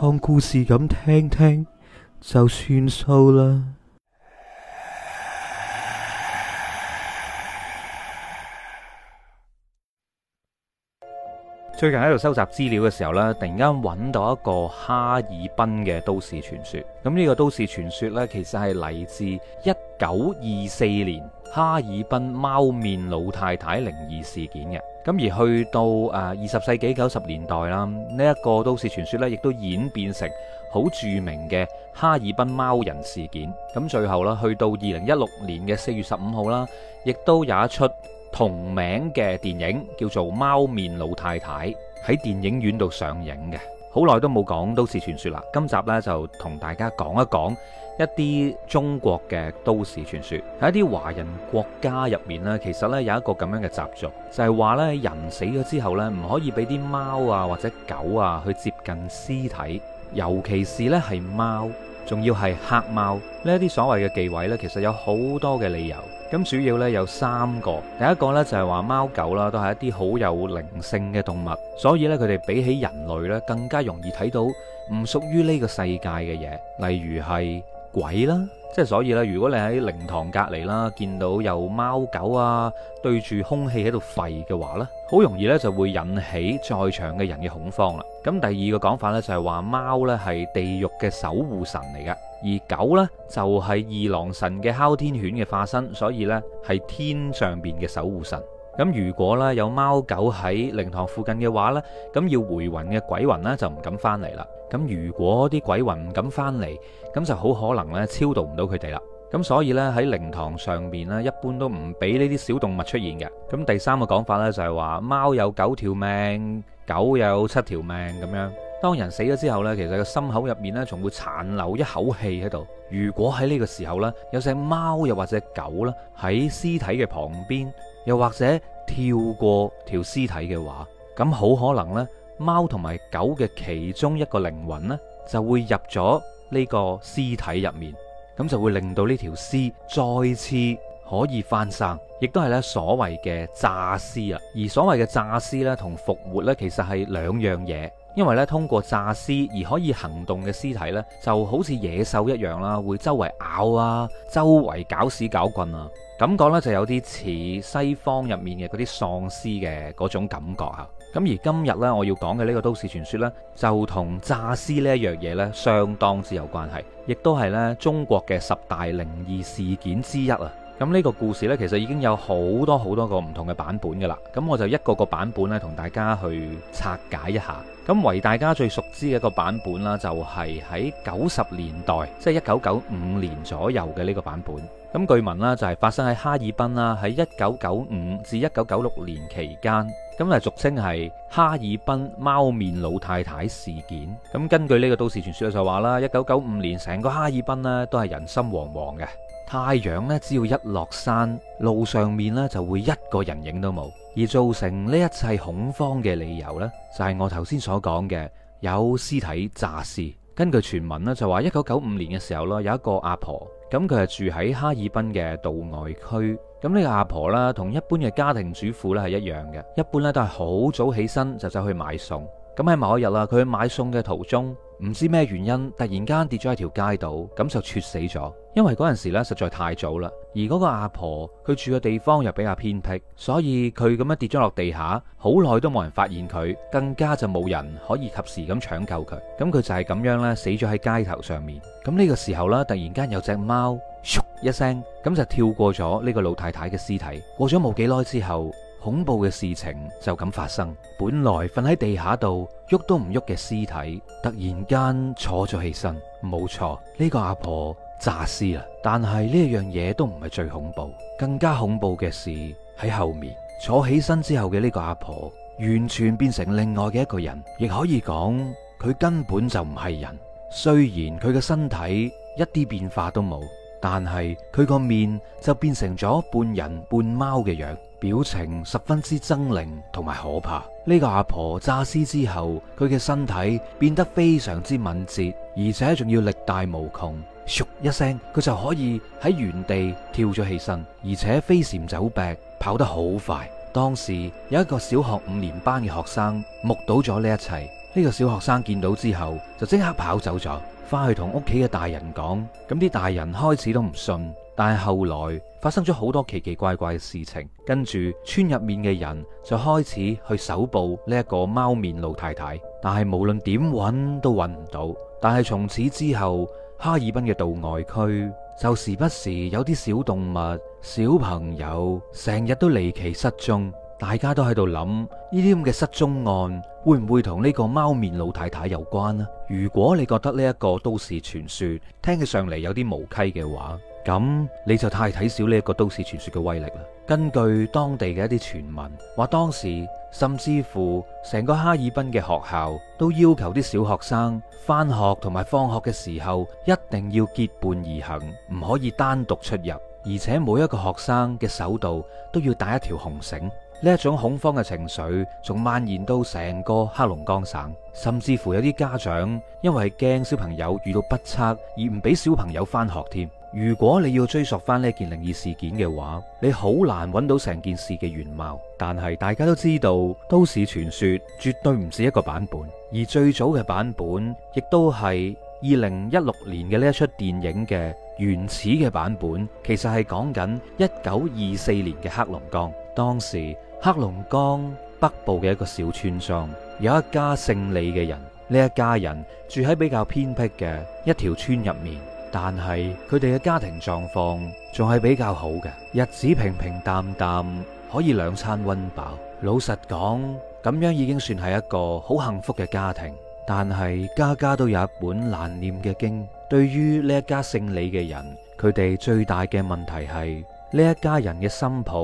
當故事咁聽聽就算數啦。最近喺度收集資料嘅時候呢，突然間揾到一個哈爾濱嘅都市傳說。咁呢個都市傳說呢，其實係嚟自一九二四年哈爾濱貓面老太太靈異事件嘅。咁而去到誒二十世紀九十年代啦，呢一個都市傳說咧，亦都演變成好著名嘅哈爾濱貓人事件。咁最後啦，去到二零一六年嘅四月十五號啦，亦都有一出同名嘅電影叫做《貓面老太太》喺電影院度上映嘅。好耐都冇講都市傳說啦，今集呢就同大家講一講。一啲中國嘅都市傳說喺一啲華人國家入面呢，其實呢有一個咁樣嘅習俗，就係話呢，人死咗之後呢，唔可以俾啲貓啊或者狗啊去接近屍體，尤其是呢係貓，仲要係黑貓呢啲所謂嘅忌諱呢，其實有好多嘅理由。咁主要呢有三個，第一個呢，就係話貓狗啦都係一啲好有靈性嘅動物，所以呢，佢哋比起人類呢，更加容易睇到唔屬於呢個世界嘅嘢，例如係，鬼啦，即係所以咧，如果你喺靈堂隔籬啦，見到有貓狗啊對住空氣喺度吠嘅話呢，好容易呢就會引起在場嘅人嘅恐慌啦。咁第二個講法呢，就係話貓呢係地獄嘅守護神嚟噶，而狗呢就係二郎神嘅哮天犬嘅化身，所以呢係天上邊嘅守護神。咁如果呢有貓狗喺靈堂附近嘅話，呢咁要回魂嘅鬼魂呢，就唔敢翻嚟啦。咁如果啲鬼魂唔敢翻嚟，咁就好可能呢超度唔到佢哋啦。咁所以呢喺靈堂上面呢，一般都唔俾呢啲小動物出現嘅。咁第三個講法呢，就係話貓有九條命，狗有七條命咁樣。當人死咗之後呢，其實個心口入面呢，仲會殘留一口氣喺度。如果喺呢個時候呢，有隻貓又或者狗呢，喺屍體嘅旁邊，又或者跳過條屍體嘅話，咁好可能呢，貓同埋狗嘅其中一個靈魂呢，就會入咗呢個屍體入面，咁就會令到呢條屍再次可以翻生，亦都係呢所謂嘅詐屍啊。而所謂嘅詐屍呢，同復活呢，其實係兩樣嘢。因為咧，通過詐屍而可以行動嘅屍體咧，就好似野獸一樣啦，會周圍咬啊，周圍搞屎搞棍啊，感覺呢就有啲似西方入面嘅嗰啲喪屍嘅嗰種感覺啊。咁而今日咧，我要講嘅呢個都市傳說呢，就同詐屍呢一樣嘢呢相當之有關係，亦都係咧中國嘅十大靈異事件之一啊。咁呢個故事呢，其實已經有好多好多個唔同嘅版本噶啦。咁我就一個個版本呢，同大家去拆解一下。咁為大家最熟知嘅一個版本啦，就係喺九十年代，即係一九九五年左右嘅呢個版本。咁據聞啦，就係發生喺哈爾濱啦，喺一九九五至一九九六年期間，咁啊俗稱係哈爾濱貓面老太太事件。咁根據呢個都市傳說就話啦，一九九五年成個哈爾濱呢，都係人心惶惶嘅。太陽咧只要一落山，路上面咧就會一個人影都冇，而造成呢一切恐慌嘅理由呢，就係我頭先所講嘅有屍體詐屍。根據傳聞咧就話，一九九五年嘅時候啦，有一個阿婆，咁佢係住喺哈爾濱嘅道外區，咁呢個阿婆啦，同一般嘅家庭主婦咧係一樣嘅，一般咧都係好早起身就走去買餸。咁喺某一日啊，佢去買餸嘅途中。唔知咩原因，突然間跌咗喺條街度，咁就猝死咗。因為嗰陣時呢實在太早啦，而嗰個阿婆佢住嘅地方又比較偏僻，所以佢咁樣跌咗落地下，好耐都冇人發現佢，更加就冇人可以及時咁搶救佢。咁佢就係咁樣呢，死咗喺街頭上面。咁、這、呢個時候呢，突然間有隻貓，咻一聲咁就跳過咗呢個老太太嘅屍體。過咗冇幾耐之後。恐怖嘅事情就咁發生，本來瞓喺地下度，喐都唔喐嘅屍體，突然間坐咗起身。冇錯，呢個阿婆詐屍啦。但係呢樣嘢都唔係最恐怖，更加恐怖嘅事喺後面。坐起身之後嘅呢個阿婆，完全變成另外嘅一個人，亦可以講佢根本就唔係人。雖然佢嘅身體一啲變化都冇，但係佢個面就變成咗半人半貓嘅樣。表情十分之猙獰同埋可怕。呢個阿婆詐屍之後，佢嘅身體變得非常之敏捷，而且仲要力大無窮。唰一聲，佢就可以喺原地跳咗起身，而且飛檐走壁，跑得好快。當時有一個小學五年班嘅學生目睹咗呢一切，呢個小學生見到之後就即刻跑走咗，翻去同屋企嘅大人講。咁啲大人開始都唔信。但係後來發生咗好多奇奇怪怪嘅事情，跟住村入面嘅人就開始去搜捕呢一個貓面老太太，但係無論點揾都揾唔到。但係從此之後，哈爾濱嘅道外區就時不時有啲小動物、小朋友成日都離奇失蹤，大家都喺度諗呢啲咁嘅失蹤案會唔會同呢個貓面老太太有關呢？如果你覺得呢一個都市傳說聽起上嚟有啲無稽嘅話，咁你就太睇少呢一個都市傳說嘅威力啦。根據當地嘅一啲傳聞，話當時甚至乎成個哈爾濱嘅學校都要求啲小學生翻學同埋放學嘅時候一定要結伴而行，唔可以單獨出入。而且每一個學生嘅手度都要帶一條紅繩。呢一種恐慌嘅情緒仲蔓延到成個黑龍江省，甚至乎有啲家長因為驚小朋友遇到不測而唔俾小朋友翻學添。如果你要追溯翻呢件靈異事件嘅話，你好難揾到成件事嘅原貌。但係大家都知道，都市傳說，絕對唔止一個版本。而最早嘅版本，亦都係二零一六年嘅呢一齣電影嘅原始嘅版本，其實係講緊一九二四年嘅黑龍江。當時黑龍江北部嘅一個小村莊，有一家姓李嘅人，呢一家人住喺比較偏僻嘅一條村入面。但係佢哋嘅家庭狀況仲係比較好嘅，日子平平淡淡，可以兩餐溫飽。老實講，咁樣已經算係一個好幸福嘅家庭。但係家家都有一本難念嘅經，對於呢一家姓李嘅人，佢哋最大嘅問題係呢一家人嘅新抱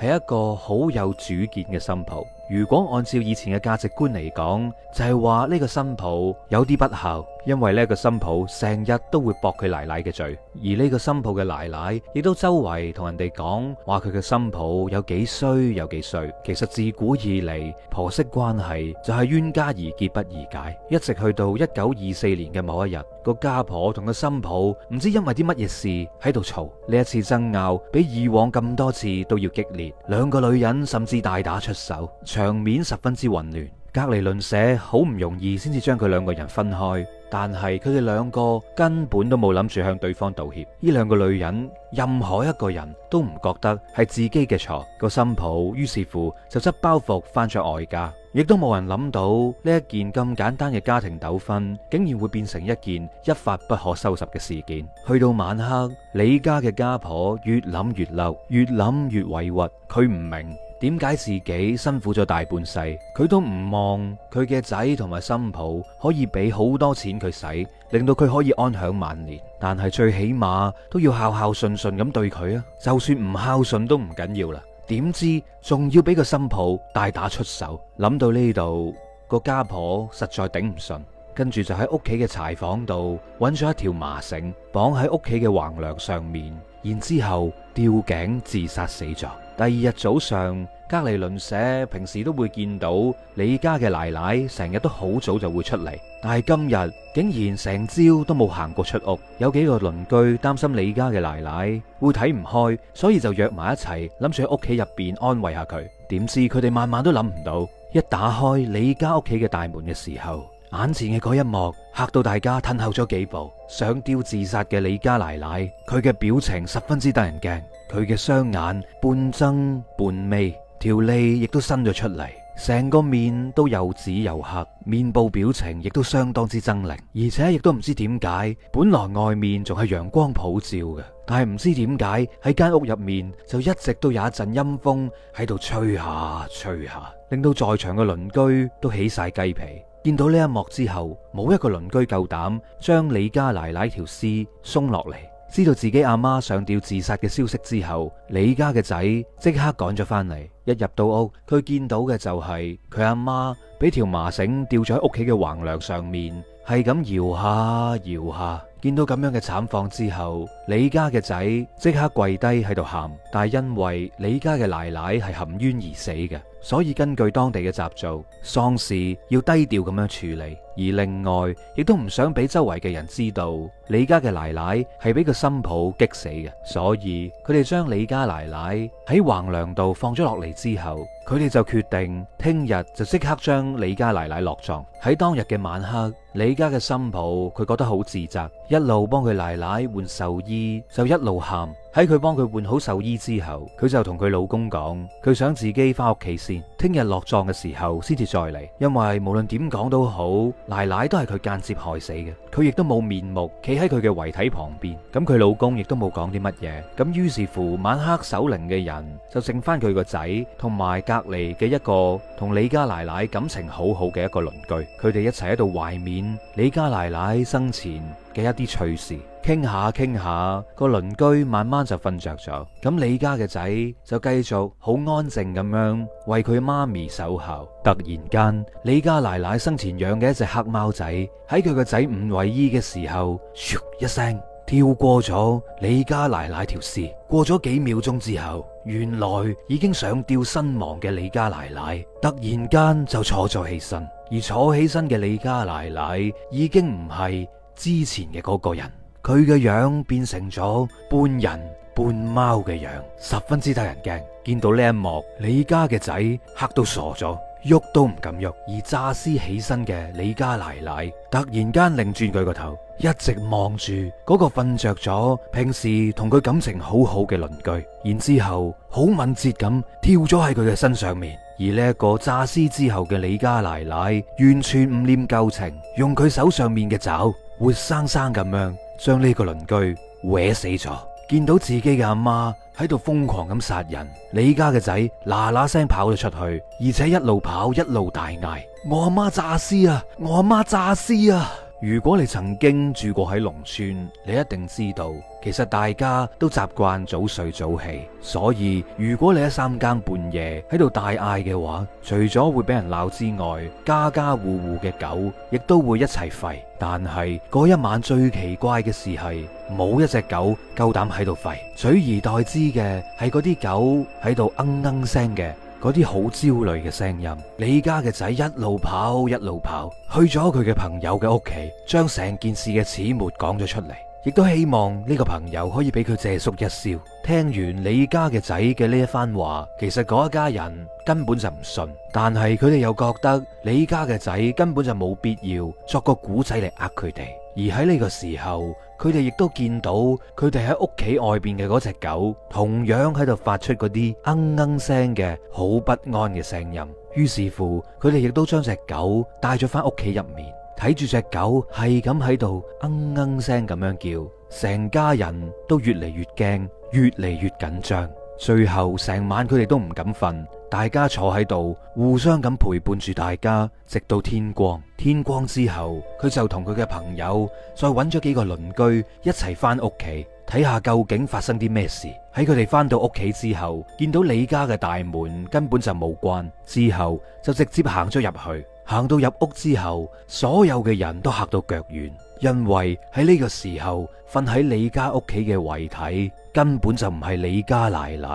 係一個好有主見嘅新抱。如果按照以前嘅價值觀嚟講，就係話呢個新抱有啲不孝。因為呢個新抱成日都會駁佢奶奶嘅嘴，而呢個新抱嘅奶奶亦都周圍同人哋講，話佢嘅新抱有幾衰有幾衰。其實自古以嚟，婆媳關係就係冤家宜結不宜解，一直去到一九二四年嘅某一日，個家婆同個新抱唔知因為啲乜嘢事喺度嘈，呢一次爭拗比以往咁多次都要激烈，兩個女人甚至大打出手，場面十分之混亂。隔籬鄰舍好唔容易先至將佢兩個人分開，但係佢哋兩個根本都冇諗住向對方道歉。呢兩個女人，任何一個人都唔覺得係自己嘅錯。個新抱於是乎就執包袱翻咗外家，亦都冇人諗到呢一件咁簡單嘅家庭糾紛，竟然會變成一件一發不可收拾嘅事件。去到晚黑，李家嘅家婆越諗越嬲，越諗越委屈，佢唔明。點解自己辛苦咗大半世，佢都唔望佢嘅仔同埋新抱可以俾好多錢佢使，令到佢可以安享晚年。但係最起碼都要孝孝順順咁對佢啊！就算唔孝順都唔緊要啦。點知仲要俾個新抱大打出手。諗到呢度，個家婆實在頂唔順，跟住就喺屋企嘅柴房度揾咗一條麻繩，綁喺屋企嘅橫梁上面。然之後吊頸自殺死咗。第二日早上，隔籬鄰舍平時都會見到李家嘅奶奶成日都好早就會出嚟，但係今日竟然成朝都冇行過出屋。有幾個鄰居擔心李家嘅奶奶會睇唔開，所以就約埋一齊諗住喺屋企入邊安慰下佢。點知佢哋萬萬都諗唔到，一打開李家屋企嘅大門嘅時候。眼前嘅嗰一幕嚇到大家，褪後咗幾步。上吊自殺嘅李家奶奶，佢嘅表情十分之得人驚，佢嘅雙眼半睜半眯，條脷亦都伸咗出嚟，成個面都又紫又黑，面部表情亦都相當之猙獰。而且亦都唔知點解，本來外面仲係陽光普照嘅，但係唔知點解喺間屋入面就一直都有一陣陰風喺度吹下吹下，令到在場嘅鄰居都起曬雞皮。見到呢一幕之後，冇一個鄰居夠膽將李家奶奶條屍鬆落嚟。知道自己阿媽上吊自殺嘅消息之後，李家嘅仔即刻趕咗翻嚟。一入到屋，佢見到嘅就係佢阿媽俾條麻繩吊咗喺屋企嘅橫梁上面，係咁搖下搖下。見到咁樣嘅慘況之後，李家嘅仔即刻跪低喺度喊。但係因為李家嘅奶奶係含冤而死嘅，所以根據當地嘅習俗，喪事要低調咁樣處理。而另外亦都唔想俾周圍嘅人知道李家嘅奶奶係俾個新抱激死嘅，所以佢哋將李家奶奶喺橫梁度放咗落嚟。之後。佢哋就決定聽日就即刻將李家奶奶落葬。喺當日嘅晚黑，李家嘅新抱佢覺得好自責，一路幫佢奶奶換壽衣，就一路喊。喺佢幫佢換好壽衣之後，佢就同佢老公講，佢想自己翻屋企先，聽日落葬嘅時候先至再嚟。因為無論點講都好，奶奶都係佢間接害死嘅，佢亦都冇面目企喺佢嘅遺體旁邊。咁佢老公亦都冇講啲乜嘢。咁於是乎晚黑守靈嘅人就剩翻佢個仔同埋隔籬嘅一個同李家奶奶感情好好嘅一個鄰居，佢哋一齊喺度懷緬李家奶奶生前嘅一啲趣事，傾下傾下，個鄰居慢慢就瞓着咗。咁李家嘅仔就繼續好安靜咁樣為佢媽咪守候。突然間，李家奶奶生前養嘅一隻黑貓仔喺佢個仔唔為意嘅時候，「咻」一聲。跳過咗李家奶奶條屍，過咗幾秒鐘之後，原來已經上吊身亡嘅李家奶奶突然間就坐咗起身，而坐起身嘅李家奶奶已經唔係之前嘅嗰個人，佢嘅樣變成咗半人半貓嘅樣，十分之得人驚。見到呢一幕，李家嘅仔嚇到傻咗。喐都唔敢喐，而詐屍起身嘅李家奶奶突然間擰轉佢個頭，一直望住嗰個瞓着咗、平時同佢感情好好嘅鄰居，然之後好敏捷咁跳咗喺佢嘅身上面，而呢一個詐屍之後嘅李家奶奶完全唔念舊情，用佢手上面嘅爪活生生咁樣將呢個鄰居搲死咗，見到自己嘅阿媽喺度瘋狂咁殺人，李家嘅仔嗱嗱聲跑咗出去，而且一路跑一路大嗌： 我阿媽詐屍啊！我阿媽詐屍啊！如果你曾經住過喺農村，你一定知道，其實大家都習慣早睡早起。所以如果你喺三更半夜喺度大嗌嘅話，除咗會俾人鬧之外，家家戶戶嘅狗亦都會一齊吠。但係嗰一晚最奇怪嘅事係，冇一隻狗夠膽喺度吠，取而代之嘅係嗰啲狗喺度嗯嗯聲嘅。嗰啲好焦慮嘅聲音，李家嘅仔一路跑一路跑，去咗佢嘅朋友嘅屋企，將成件事嘅始末講咗出嚟，亦都希望呢個朋友可以俾佢借宿一宵。聽完李家嘅仔嘅呢一番話，其實嗰一家人根本就唔信，但係佢哋又覺得李家嘅仔根本就冇必要作個古仔嚟呃佢哋。而喺呢個時候，佢哋亦都見到佢哋喺屋企外邊嘅嗰隻狗，同樣喺度發出嗰啲嗯嗯聲嘅好不安嘅聲音。於是乎，佢哋亦都將隻狗帶咗返屋企入面，睇住隻狗係咁喺度嗯嗯聲咁樣叫，成家人都越嚟越驚，越嚟越緊張。最後成晚佢哋都唔敢瞓，大家坐喺度互相咁陪伴住大家，直到天光。天光之後，佢就同佢嘅朋友再揾咗幾個鄰居一齊翻屋企睇下究竟發生啲咩事。喺佢哋翻到屋企之後，見到李家嘅大門根本就冇關，之後就直接行咗入去。行到入屋之後，所有嘅人都嚇到腳軟，因為喺呢個時候瞓喺李家屋企嘅遺體根本就唔係李家奶奶，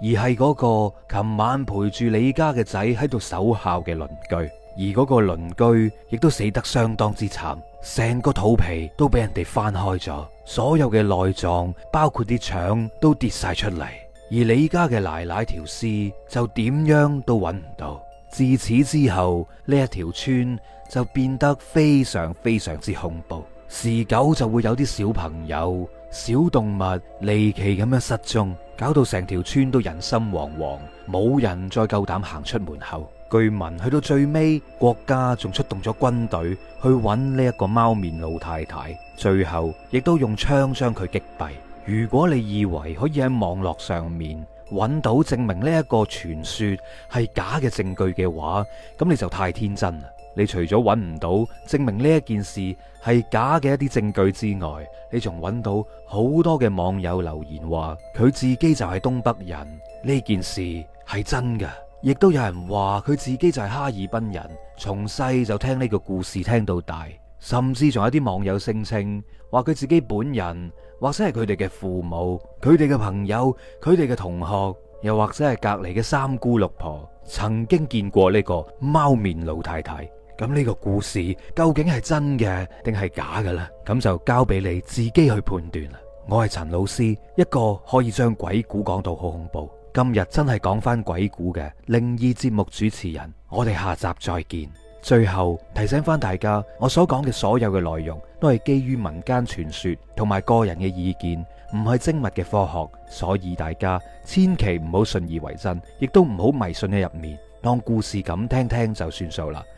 而係嗰個琴晚陪住李家嘅仔喺度守孝嘅鄰居。而嗰個鄰居亦都死得相當之慘，成個肚皮都俾人哋翻開咗，所有嘅內臟包括啲腸都跌晒出嚟。而李家嘅奶奶條屍就點樣都揾唔到。自此之後，呢一條村就變得非常非常之恐怖，時久就會有啲小朋友。小動物離奇咁樣失蹤，搞到成條村都人心惶惶，冇人再夠膽行出門口。據聞去到最尾，國家仲出動咗軍隊去揾呢一個貓面老太太，最後亦都用槍將佢擊斃。如果你以為可以喺網絡上面揾到證明呢一個傳說係假嘅證據嘅話，咁你就太天真啦。你除咗揾唔到證明呢一件事係假嘅一啲證據之外，你仲揾到好多嘅網友留言話，佢自己就係東北人，呢件事係真嘅。亦都有人話佢自己就係哈爾濱人，從細就聽呢個故事聽到大，甚至仲有啲網友聲稱話佢自己本人，或者係佢哋嘅父母、佢哋嘅朋友、佢哋嘅同學，又或者係隔籬嘅三姑六婆，曾經見過呢個貓面老太太。咁呢個故事究竟係真嘅定係假嘅呢？咁就交俾你自己去判斷啦。我係陳老師，一個可以將鬼故講到好恐怖。今日真係講翻鬼故嘅靈異節目主持人。我哋下集再見。最後提醒翻大家，我所講嘅所有嘅內容都係基於民間傳說同埋個人嘅意見，唔係精密嘅科學，所以大家千祈唔好信以為真，亦都唔好迷信喺入面，當故事咁聽聽就算數啦。